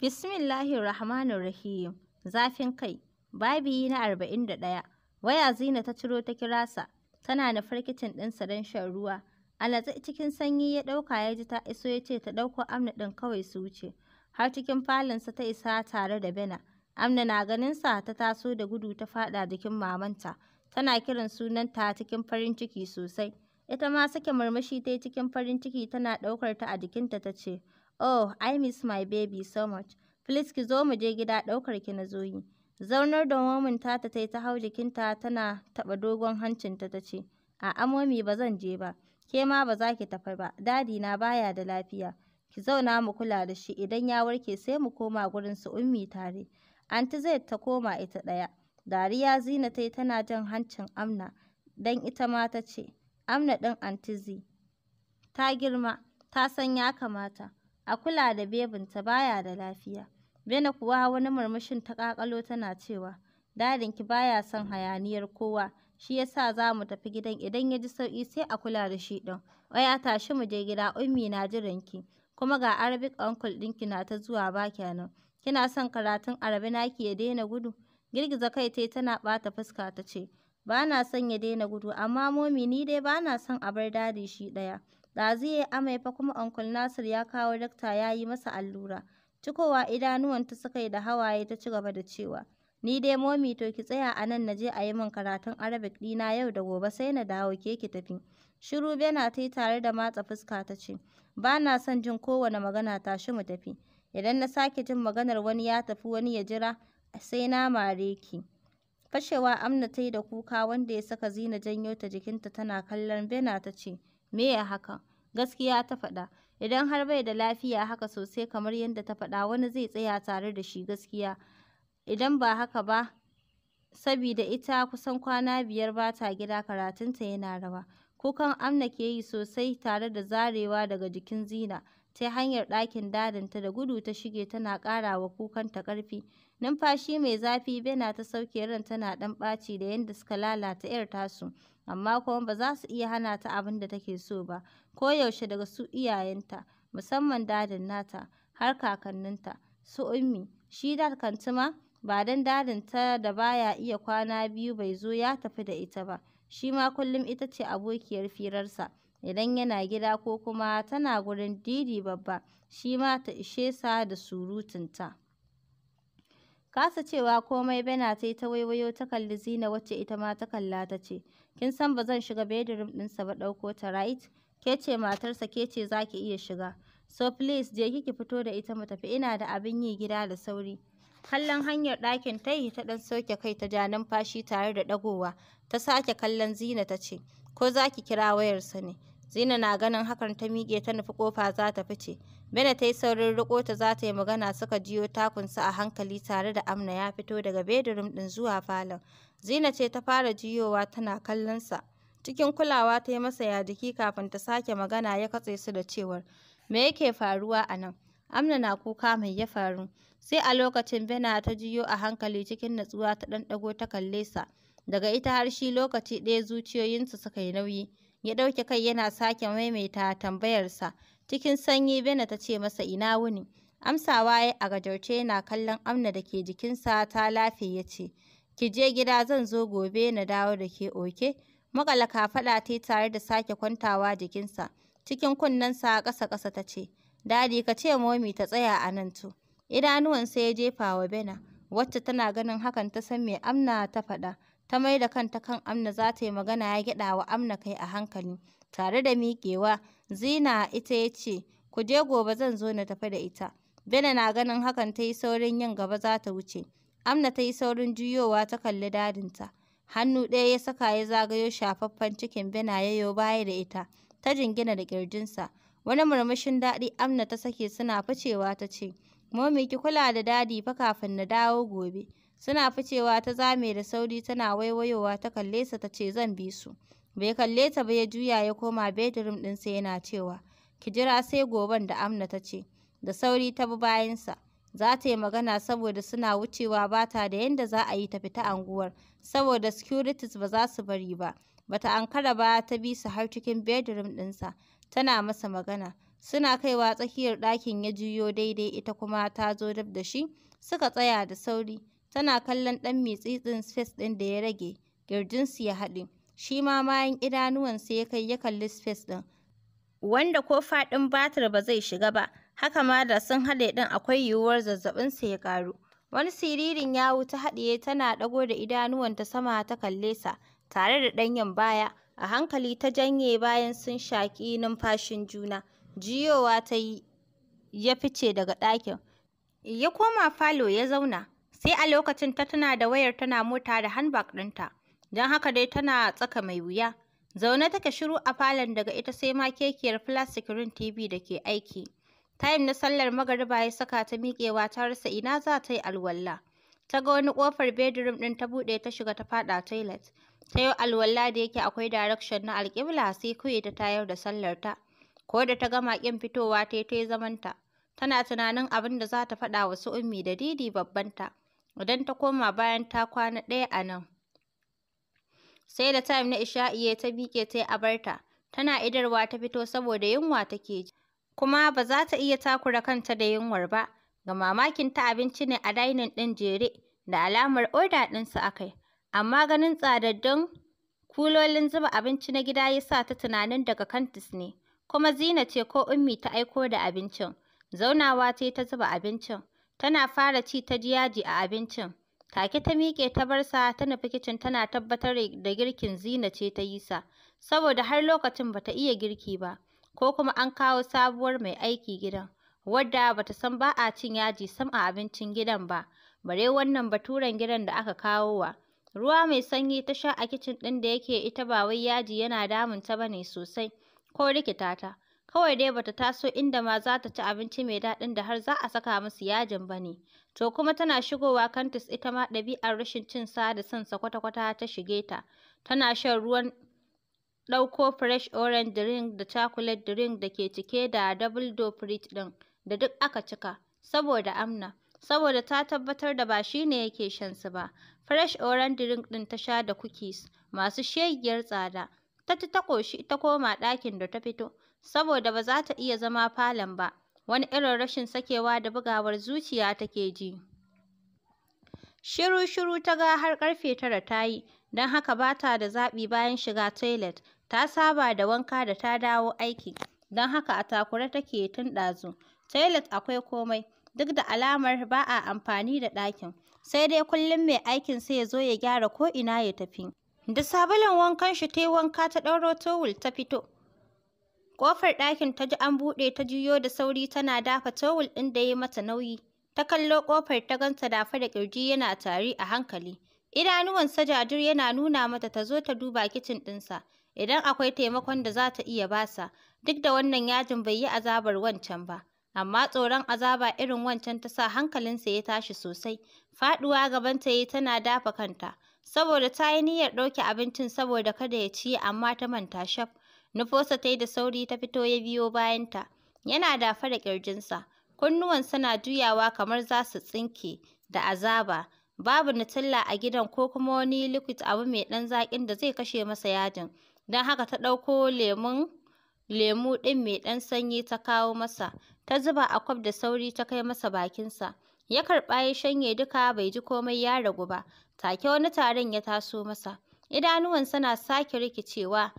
Bismillahir Rahmanir Rahim. Zafin kai. Babi na arba'in da ɗaya. Waya Zina ta ciro ta kira sa. Tana da farkitin ɗinsa don shan ruwa. Alatsa cikin sanyi ya ɗauka ya ji ta iso ya ce ta ɗauko amna ɗin kawai su wuce. Har cikin falinsa ta isa tare da Bena. Amna na ganin sa ta taso da gudu ta faɗa jikin mamanta. Tana kiran sunanta cikin farin ciki sosai. Ita ma sake murmushi ta cikin farin ciki tana ɗaukar ta a jikinta ta ce, Oh, I miss my baby so much. Please ki zo mu je gida ɗaukar ki na zo yi. Zaunar da momin tata ta yi ta hau jikinta tana taɓa dogon hancinta ta ce, A'a momi ba zan je ba, ke ma ba za ki tafi ba, dadi na baya da lafiya. Ki zauna mu kula da shi idan ya warke sai mu koma gurin su ummi tare. Anti zai ta koma ita ɗaya. Dariya zina ta tana jan hancin Amna, don ita ma ta ce, Amna ɗin anti ta girma, ta san ya kamata. a kula da bebinta baya da lafiya. Bene kuwa wani murmushin ta ƙaƙalo tana cewa, Dadinki baya son hayaniyar kowa, shi ya sa za mu tafi gidan idan ya ji sauƙi sai a kula da shi ɗin. Wai a tashi mu je gida ummi na jiranki, kuma ga Arabic uncle ɗinki na ta zuwa ba kenan. Kina son karatun Arabi naki ya daina gudu? Girgiza kai tai tana ɓata fuska ta ce, ba na son ya daina gudu, amma momi ni dai ba na son a bar dadi shi ɗaya. Ɗazu ya yi amai fa kuma Uncle Nasir ya kawo dakta ya yi masa allura. Cikowa idanuwanta suka yi da hawaye ta ci gaba da cewa, Ni dai momi to ki tsaya a nan na je a yi min karatun Arabic ɗina yau da gobe sai na dawo ke ki tafi. Shiru Bena ta yi tare da matsa fuska ta ce, Ba na son jin kowane magana ta, shi mu tafi. Idan na sake jin maganar wani ya tafi wani ya jira, sai na mare ki. Fashewa Amna ta yi da kuka wanda ya saka Zina janyo ta jikinta tana kallon Bena ta ce, Me ya haka? gaskiya ta faɗa idan har bai da lafiya haka sosai kamar yadda ta faɗa wani zai tsaya tare da shi gaskiya idan ba haka ba sabida ita kusan kwana biyar ba ta gida karatunta yana rawa kukan amna ke yi sosai tare da zarewa daga jikin zina ta hanyar ɗakin dadinta da gudu ta shige tana ƙara wa kukan ta ƙarfi numfashi mai zafi bena ta sauke ran tana ɗan ɓaci da yadda suka lalata 'yar tasu amma kuma ba za su iya hana ta abin da take so ba koyaushe daga su iyayenta, musamman dadin nata, har kakanninta, su Ummi. Shi Dad kanti ma, ba don dadinta da ba ya iya kwana biyu bai zo ya tafi da ita ba, shi ma kullum ita ce abokiyar firarsa, idan yana gida ko kuma tana gurin Didi babba, shi ma ta ishe sa da surutunta. Kasa cewa komai bana ta yi ta waiwayo ta kalli Zina wacce ita ma ta kalla ta ce, Kin san ba zan shiga bedroom ɗinsa ba ɗauko ta right? Ke ce matarsa, ke ce za ki iya shiga. So please je ki fito da ita mu tafi ina da abin yi gida da sauri. Kallon hanyar ɗakin ta yi ta ɗan soke kai ta ja numfashi tare da ɗagowa. Ta sake kallon Zina ta ce, ko za ki kira wayarsa ne. Zina na ganin hakan ta miƙe ta nufi ƙofa za ta fice. Bena ta yi saurin riƙo ta za ta yi magana suka jiyo takunsa a hankali tare da Amna ya fito daga bedroom ɗin zuwa falon. Zina ce ta fara jiyowa tana kallonsa. Cikin kulawa ta yi masa ya jiki kafin ta sake magana ya katse su da cewar, Me yake faruwa a nan? Amna na kuka mai ya faru. Sai a lokacin Bena ta jiyo a hankali cikin natsuwa ta ɗanɗago dago ta kalle sa. Daga ita har shi lokaci ɗaya zuciyoyinsu suka yi nauyi. Ya ɗauke kai yana sake maimaita tambayarsa. Cikin sanyi Bena ta ce masa ina wuni. Amsawa ya a gajarce yana kallon Amna da ke jikinsa ta lafe ya ce, Ki je gida zan zo gobe na dawo da ke oke. Maƙala kafaɗa ta tare da sake kwantawa jikinsa. Cikin kunnensa ƙasa-ƙasa ta ce, Dadi ka ce momi ta tsaya a nan tu. Idanuwansa ya jefa wa Bena, wacce tana ganin hakan ta san me Amna ta faɗa. Ta mai da kanta kan Amna za ta yi magana ya gyaɗa wa Amna kai a hankali. Tare da miƙewa, Zina ita ya ce, Ku je gobe zan zo na tafi da ita. Bena na ganin hakan ta yi saurin yin gaba za ta wuce. Amna ta yi saurin juyowa ta kalli dadinta. Hannu ɗaya ya saka ya zagayo shafaffen cikin Bena ya yo baya da ita, ta jingina da ƙirjinsa. Wani murmushin daɗi Amna ta sake suna ficewa ta ce, Momi ki kula da dadi fa kafin na dawo gobe. Suna ficewa ta zame da sauri tana waiwayowa ta kalle sa ta ce zan bi su. Bai kalle ta ba ya juya ya koma bedroom sa yana cewa, ki jira sai goben da Amna ta ce. Da sauri ta bi bayansa. Za ta yi magana saboda suna wucewa ba ta da yadda za a yi ta fita anguwar. saboda securities ba za su bari ba. Bata ankara ba ta bi su har cikin bedroom ɗinsa, tana masa magana. Suna kaiwa tsakiyar ɗakin ya juyo daidai ita kuma ta zo dab da shi, suka tsaya da sauri. Tana kallon ɗan mitsitsin space ɗin da ya rage, ƙirjinsu ya haɗe. Shi ma bayan idanuwansa ya kai ya kalli space ɗin. Wanda ko faɗin batir ba zai shiga ba, haka ma da sun haɗe ɗin akwai yiwuwar zazzaɓinsa ya ƙaru. Wani siririn yawu ta haɗiye tana ɗago da idanuwanta sama ta kalle sa, tare da ɗanyen baya, a hankali ta janye bayan sun shaƙi numfashin juna. jiyowa ta yi, ya fice daga ɗakin. Ya koma falo ya zauna, sai a lokacin ta tana da wayar tana mota da handbag ɗinta, don haka dai tana tsaka mai wuya. Zaune take shiru a falon daga ita sai ma kekiyar plastic rin TV da ke aiki. Time na sallar magariba ya saka ta miƙewa ta rasa ina za ta yi alwala. Ta ga wani ƙofar bedroom ɗin ta buɗe ta shiga ta faɗa toilet. Ta yi alwala da yake akwai direction na alƙibla sai kawai ta tayar da sallar ta. Ko da ta gama ƙin fitowa ta yi ta yi zamanta. Tana tunanin abin da za ta faɗa wa su ummi da didi babban ta, Idan ta koma bayan ta kwana ɗaya a nan. Sai da time na isha'i ta miƙe ta yi abarta. Tana idarwa ta fito saboda yunwa take ji. kuma ba za ta iya takura kanta da yunwar ba. Ga mamakin ta abinci ne a dainin ɗin jere da alamar oda ɗinsu a kai. Amma ganin tsadaddun kulolin zuba abinci na gida ya sa ta tunanin daga kantis ne. Kuma Zina ce ko Ummi ta aiko da abincin. Zaunawa ce ta zuba abincin. Tana fara ci ta ji yaji a abincin. Take ta miƙe ta bar sa ta nufi kicin tana tabbatar da girkin Zina ce ta yi sa, saboda har lokacin bata iya girki ba. ko kuma an kawo sabuwar mai aiki gidan wadda bata san ba a cin yaji sam a abincin gidan ba bare wannan baturen gidan da aka kawo wa ruwa mai sanyi ta sha a kicin ɗin da yake ita ba wai yaji yana damun ta bane sosai ko rikita ta kawai dai bata taso inda ma za ta ci abinci mai daɗin da har za a saka musu yajin ba ne to kuma tana shigowa kantis ita ma ɗabi'ar rashin cin sa da son sa kwata-kwata ta shige ta tana shan ruwan ɗauko fresh orange drink da chocolate drink da ke cike da double door fridge ɗin da duk aka cika saboda Amna. saboda ta tabbatar da ba shi ne yake shan su ba. Fresh orange drink ɗin ta sha da cookies masu shegiyar tsada. Ta ci ta ƙoshi ta koma ɗakin da ta fito saboda ba za ta iya zama falon ba. Wani irin rashin sakewa da bugawar zuciya take ji. Shiru-shiru ta ga har ƙarfe tara ta yi, don haka ba ta da zaɓi bayan shiga toilet. Ta saba da wanka da ta dawo aiki, don haka a takure take tun ɗazu. Toilet akwai komai, duk da alamar ba a amfani da ɗakin. Sai dai kullum mai aikin sai ya zo ya gyara ko'ina ya tafi. Da sabulun wankan shi ta yi wanka ta ɗauro towul ta fito. Ƙofar ɗakin ta ji an buɗe ta juyo da sauri tana dafa towul ɗin da ya mata nauyi. Ta kallo ƙofar ta ganta dafa da ƙirji yana tari a hankali. Idanuwansa jajir yana nuna mata ta zo ta duba kicin ɗinsa. idan akwai taimakon da za ta iya basa duk da wannan yajin bai yi azabar wancan ba amma tsoron azaba irin wancan ta sa hankalinsa ya tashi sosai faduwa ta yi tana dafa kanta saboda ta yi niyyar ɗauke abincin saboda kada ya ci amma ta manta shaf nufosa ta yi da sauri ta fito ya biyo bayanta yana dafa da ƙirjinsa kunnuwan na juyawa kamar za su tsinke da azaba babu Nutella a gidan ko kuma wani liquid abu mai ɗan zaƙin da zai kashe masa yajin don haka ta ɗauko lemun lemu ɗin mai ɗan sanyi ta kawo masa ta zuba a kwaf da sauri ta kai masa bakinsa ya karɓa ya shanye duka bai ji komai ya ragu ba take wani taron ya taso masa idanuwansa na sake rikicewa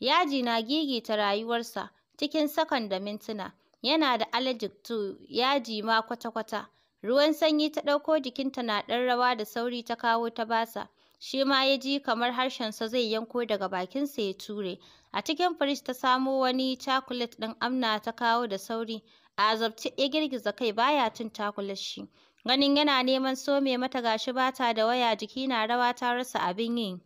yaji na gigita rayuwarsa cikin sakan da mintuna yana da allergic to yaji ma kwata-kwata ruwan sanyi ta ɗauko jikinta na ɗan rawa da sauri ta kawo ta basa shi ma ya ji kamar harshensa zai yanko daga bakinsa ya ture. A cikin firij ta samo wani cakulet ɗin amna ta kawo da sauri, a azabci ya girgiza kai baya cin cakulet shi. Ganin yana neman some mata gashi bata da waya jiki na rawa ta rasa abin yi.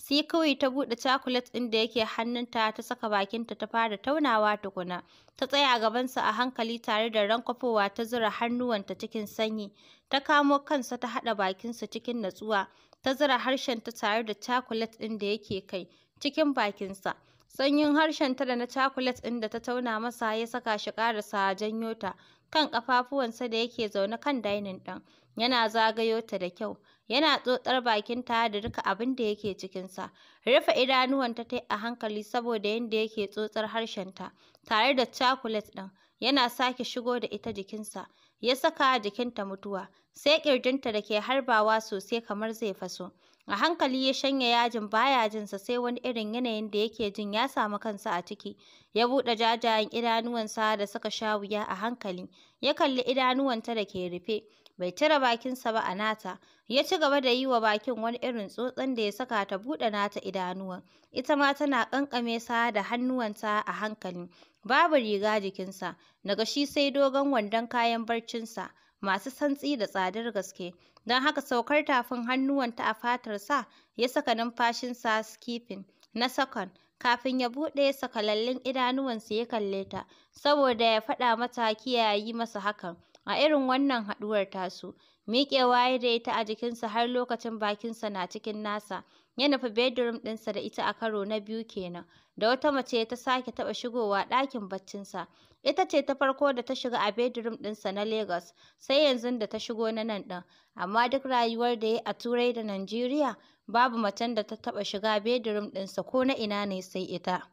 sai kawai ta buɗe cakulet ɗin da yake hannunta ta saka bakinta ta fara taunawa tukuna ta tsaya gabansa a hankali tare da rankofowa ta zura hannuwanta cikin sanyi ta kamo kansa ta haɗa bakinsa cikin natsuwa ta zura harshenta tare da cakulet ɗin da yake kai cikin bakinsa sanyin harshenta da na cakulet ɗin da ta tauna masa ya saka shi ƙarasa janyo ta kan ƙafafuwansa da yake zaune kan dainin ɗin yana zagayo ta da kyau yana tsotsar bakin ta da duka abin da yake cikinsa. Rufe idanuwanta ta a hankali saboda yadda yake tsotsar harshen ta. tare da cakulet ɗin, yana sake shigo da ita jikinsa, ya saka jikinta mutuwa, sai ƙirjinta da ke harbawa sosai kamar zai faso. A hankali ya shanya yajin baya jinsa sai wani irin yanayin da yake jin ya samu kansa a ciki. Ya buɗe jajayen idanuwansa da suka sha wuya a hankali, ya kalli idanuwanta da ke rufe, bai cire bakinsa ba a nata ya ci gaba da yi wa bakin wani irin tsotson da ya saka ta buɗe nata idanuwan ita ma tana ƙanƙame sa da hannuwanta a hankali babu riga jikinsa daga shi sai dogon wandon kayan barcinsa masu santsi da tsadar gaske don haka saukar tafin hannuwanta a fatar sa, ya saka numfashinsa skipping na sakon kafin ya buɗe sakalallin idanuwansa ya kalle ta saboda ya faɗa mata kiyaye masa hakan A irin wannan haɗuwar tasu, miƙewa ya da ita a jikinsa har lokacin bakinsa na cikin nasa, ya nufi bedroom ɗinsa da ita a karo na biyu kenan, da wata mace ta sake taɓa shigowa ɗakin baccinsa. Ita ce ta farko da ta shiga a bedroom ɗinsa na Legas, sai yanzu da ta shigo na nan ɗin. Amma duk rayuwar da ya yi a Turai da Najeriya, babu macen da ta taɓa shiga bedroom ɗinsa ko na ina ne sai ita.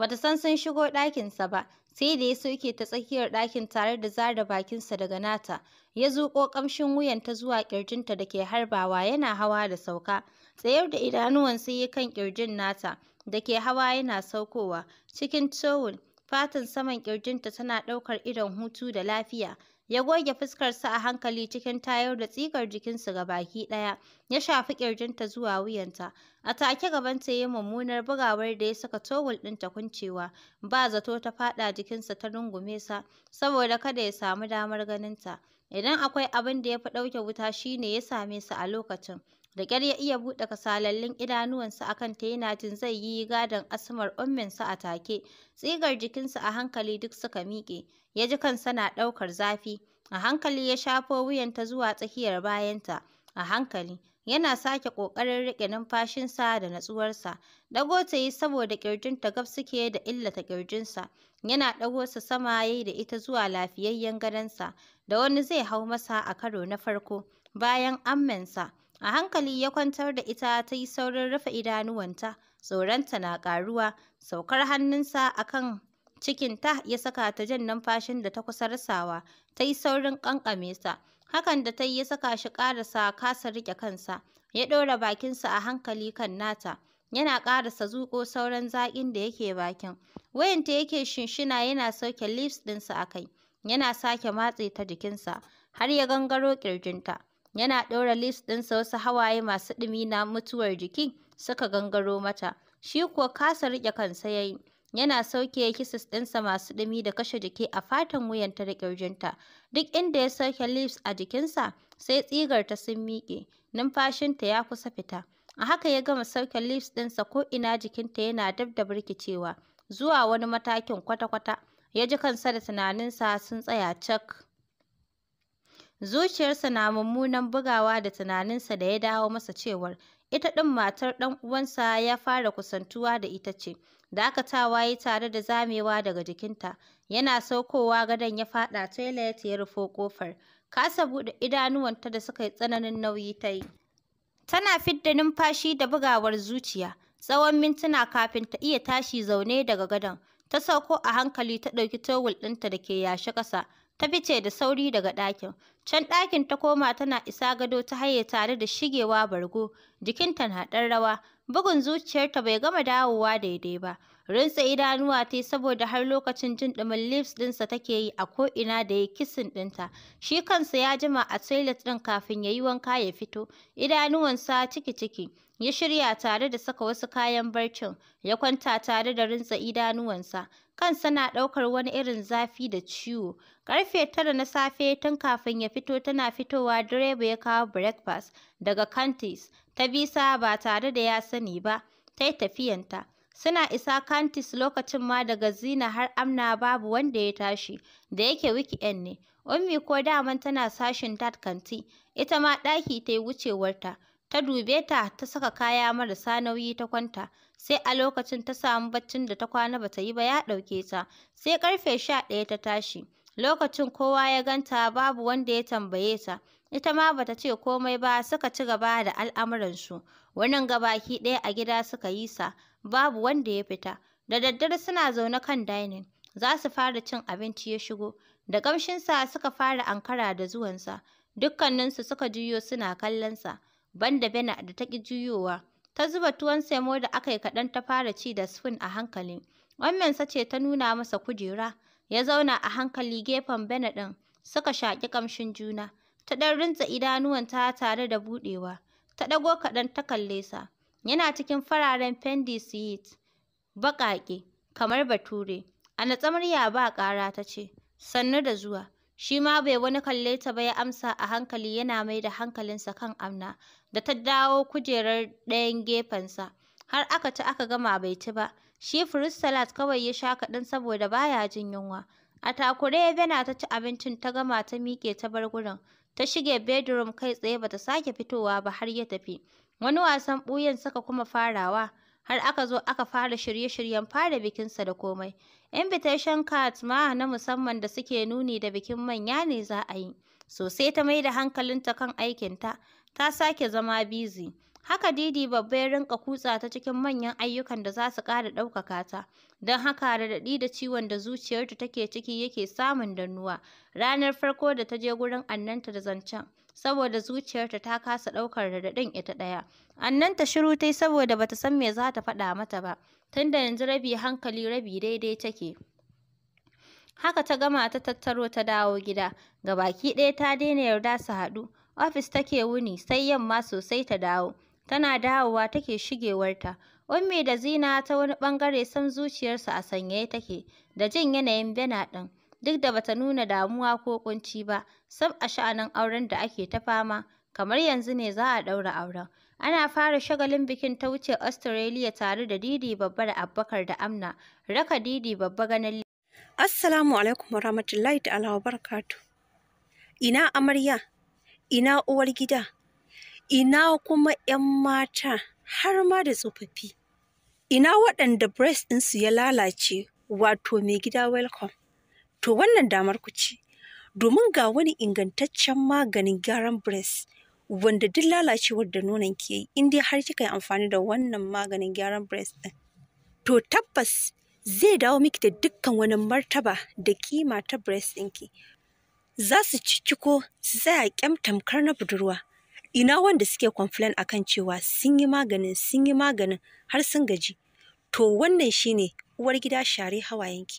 Bata san sun shigo ɗakinsa ba, sai da ya soke ta tsakiyar ɗakin tare da zare bakinsa daga nata. Ya zuƙo ƙamshin wuyan ta zuwa ƙirjinta da ke harbawa yana hawa da sauka. Tsayar da idanuwan sai ya kan ƙirjin nata da ke hawa yana saukowa. Cikin towul, fatan saman ƙirjinta tana ɗaukar idon hutu da lafiya. ya goge fuskarsa a hankali cikin tayar da tsikar jikinsa ga baki ɗaya, ya shafi ƙirjinta zuwa wuyanta. A take gabanta ya yi mummunar bugawar da ya saka towul ta kuncewa, ba zato ta faɗa jikinsa ta rungume sa, saboda kada ya samu damar ganinta. Idan akwai abin da ya fi ɗauke wuta shi ne ya same sa a lokacin. da ƙyar ya iya buɗe kasalallin idanuwansa a kanta yana jin zai yi gadon asmar umminsa a take tsigar jikinsa a hankali duk suka miƙe ya ji kansa na ɗaukar zafi a hankali ya shafo wuyanta zuwa tsakiyar bayanta a hankali yana sake ƙoƙarin riƙe numfashinsa da natsuwarsa ɗago ta yi saboda ƙirjinta gab suke da illata ƙirjinsa yana ɗago sa sama ya yi da ita zuwa lafiyayyen gadonsa da wani zai hau masa a karo na farko bayan ammensa A hankali ya kwantar da ita ta yi saurin rufe idanuwanta, tsoronta na ƙaruwa, saukar hannunsa a kan cikinta ya saka ta jan numfashin da ta kusa rasawa, ta yi saurin ƙanƙame sa. Hakan da ta yi ya saka shi ƙarasa kasa riƙe kansa, ya ɗora bakinsa a hankali kan nata, yana ƙarasa zuƙo sauran zaƙin da yake bakin. Wayanta yake shinshina yana sauke lips ɗinsa a kai, yana sake matse ta jikinsa, har ya gangaro ƙirjinta. yana ɗora lis ɗinsa wasu hawaye masu ɗumi na mutuwar jiki suka gangaro mata. Shi kuwa kasa riƙe kansa yayi yana sauke kisis ɗinsa masu ɗumi da kashe jiki a fatan wuyanta da ƙirjinta. Duk inda ya sauke lips a jikinsa, sai tsigarta sun miƙe, numfashinta ya kusa fita. A haka ya gama sauke lips ɗinsa ko ina jikinta yana dab da birkicewa, zuwa wani matakin kwata-kwata. Ya ji kansa da tunaninsa sun tsaya cak. Zuciyarsa na mummunan bugawa da tunaninsa da ya dawo masa cewar ita ɗin matar ɗan uwansa ya fara kusantuwa da ita ce. Dakatawa ya tare da zamewa daga jikinta, yana saukowa gadon ya faɗa toilet ya rufo kofar. Kasa buɗe idanuwanta da suka yi tsananin nauyi ta yi. Tana fidda numfashi da bugawar zuciya, tsawon mintuna kafin ta iya tashi zaune daga gadon. Ta sauko a hankali ta ɗauki towul ɗinta da ke yashe ƙasa, ta fice da sauri daga ɗakin. Can ɗakin ta koma tana isa gado ta haye tare da shigewa bargo, jikinta na ɗan rawa, bugun zuciyarta bai gama dawowa daidai ba. Rinsa idanuwa ta saboda har lokacin jin ɗumin lips ɗinsa take yi a ko'ina da ya kisin ɗinta. Shi kansa ya jima a toilet ɗin kafin ya yi wanka ya fito, idanuwansa ciki-ciki. Ya shirya tare da saka wasu kayan barcin, ya kwanta tare da rinsa idanuwansa. kansa na ɗaukar wani irin zafi da ciwo. karfe tara na safe tun kafin ya fito tana fitowa direba ya kawo breakfast daga Kantis ta bisa ba tare da ya sani ba, ta yi tafiyanta. Suna isa Kantis lokacin ma daga zina har amna babu wanda ya tashi, da yake wiki'en ne. Ummi ko daman tana sashin dat kanti, ita ma ɗaki ta yi wucewarta. ta dube ta ta saka kaya marasa nauyi ta kwanta sai a lokacin ta samu baccin da ta kwana bata yi ba ya ɗauke ta sai karfe sha ɗaya ta tashi lokacin kowa ya ganta babu wanda ya tambaye ta ita ma bata ce komai ba suka ci gaba da al'amuransu wannan gabaki ɗaya a gida suka yi sa babu wanda ya fita da daddare suna zaune kan dining za su fara cin abinci ya shigo da ƙamshinsa suka fara ankara da zuwansa dukkaninsu suka juyo suna sa. banda bena da ta ƙi juyowa. Ta zuba tuwon semo da aka yi kaɗan ta fara ci da spoon a hankali. sa ce ta nuna masa kujera, ya zauna a hankali gefen bena ɗin, suka shaƙi ƙamshin juna. Ta ɗan rintsa idanuwanta tare da buɗewa. Ta ɗago kaɗan ta kalle sa. Yana cikin fararen fendi siyit, baƙaƙe, kamar bature. A natsa murya ba ƙara ta ce, sannu da zuwa. Shi ma bai wani kalle ta ba ya amsa a hankali yana mai da hankalinsa kan Amna da ta dawo kujerar ɗayan gefensa. Har aka ci aka gama bai ci ba. Shi fruit kawai ya sha kaɗan saboda baya jin yunwa. A takure Bena ta ci abincin ta gama ta miƙe ta bar gurin. Ta shige bedroom kai tsaye ba ta sake fitowa ba har ya tafi. Wani wasan ɓuyan suka kuma farawa. har aka zo aka fara shirye-shiryen fara bikinsa da komai. Invitation cards ma na musamman da suke nuni da bikin manya ne za a yi. Sosai ta mai da hankalinta kan aikinta, ta sake zama busy. Haka Didi babba ya rinka kutsa ta cikin manyan ayyukan da za su ƙara ɗaukaka ta, don haka raɗaɗi da ciwon da zuciyarta take ciki yake samun dannuwa. Ranar farko da ta je gurin annanta da zancen, saboda zuciyarta ta kasa ɗaukar raɗaɗin ita ɗaya. Annan ta shiru tai saboda bata san me za ta faɗa mata ba, tunda yanzu rabi hankali rabi daidai take. Haka ta gama ta tattaro ta dawo gida, ga baki ɗaya ta daina yarda su haɗu, ofis take wuni sai yamma sosai ta dawo, tana dawowa take shigewarta. Ummi da Zina ta wani ɓangare sam zuciyarsa a sanyaye take da jin yanayin Bena ɗin, duk da bata nuna damuwa ko ƙunci ba, sab a sha'anin auren da ake ta fama kamar yanzu ne za a ɗaura auren. Ana fara shagalin bikin ta wuce Australia tare da Didi Babba da Abubakar da Amna, raka Didi Babba ganin Assalamu alaikum warahmatullahi ta'ala wa Ina amarya, ina uwar gida, ina kuma 'yan mata har ma da tsofaffi. Ina waɗanda breast ɗinsu ya lalace wato mai gida welcome. To wannan damar ku ce. domin ga wani ingantaccen maganin gyaran breast wanda duk lalacewar da nonon ke yi in dai har kika yi amfani da wannan maganin gyaran breast din to tabbas zai dawo miki da dukkan wani martaba da kima ta breast ɗinki za su cikiko su tsaya kyam tamkar na budurwa ina wanda suke a kan cewa sun yi maganin sun yi maganin har sun gaji to wannan shine uwar gida share hawayenki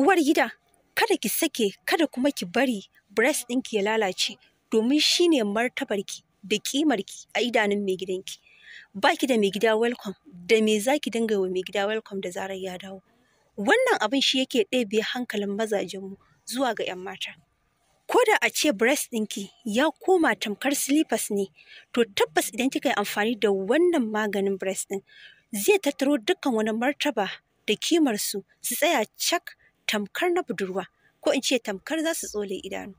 uwar gida kada ki sake kada kuma ki bari breast ɗinki ya lalace domin shi shine martabarki da ƙimarki a idanun mai gidanki ba ki da mai gida welcome da me za ki dinga wa mai gida welcome da zarar ya dawo wannan abin shi yake ɗebe hankalin mazajenmu zuwa ga 'yan mata ko da a ce breast ɗinki ya koma tamkar slippers ne to tabbas idan kika yi amfani da wannan maganin breast ɗin zai tattaro dukkan wani martaba da kimar su su tsaya cak tamkar na budurwa ko in ce tamkar za su tsole idanu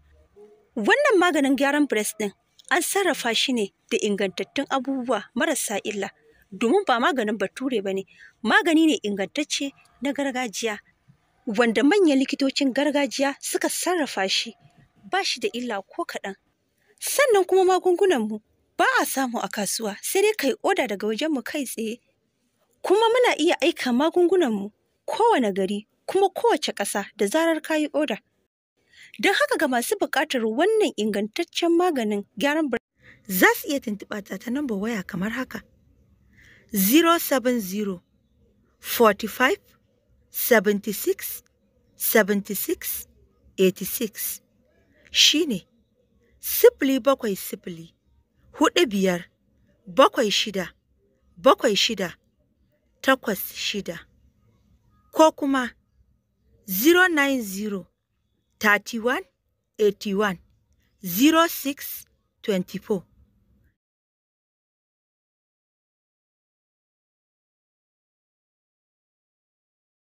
wannan maganin gyaran breast din an sarrafa shi ne da ingantattun abubuwa marasa illa domin ba maganin bature ba ne magani ne ingantacce na gargajiya wanda manyan likitocin gargajiya suka sarrafa shi ba shi da illa ko kaɗan sannan kuma magungunanmu ba a samu a kasuwa sai dai kai oda daga wajenmu kai tsaye kuma muna iya aika magungunanmu kowane gari kuma kowace ƙasa da zarar ka yi oda. Don haka ga masu buƙatar wannan ingantaccen maganin gyaran birni za su iya tuntuɓa ta ta nambar waya kamar haka. 070 45 76 76 86 shi ne sifili bakwai sifili biyar bakwai shida bakwai shida takwas shida ko kuma Zero nine zero, thirty one, eighty one, zero six twenty four. 31 81 06 24.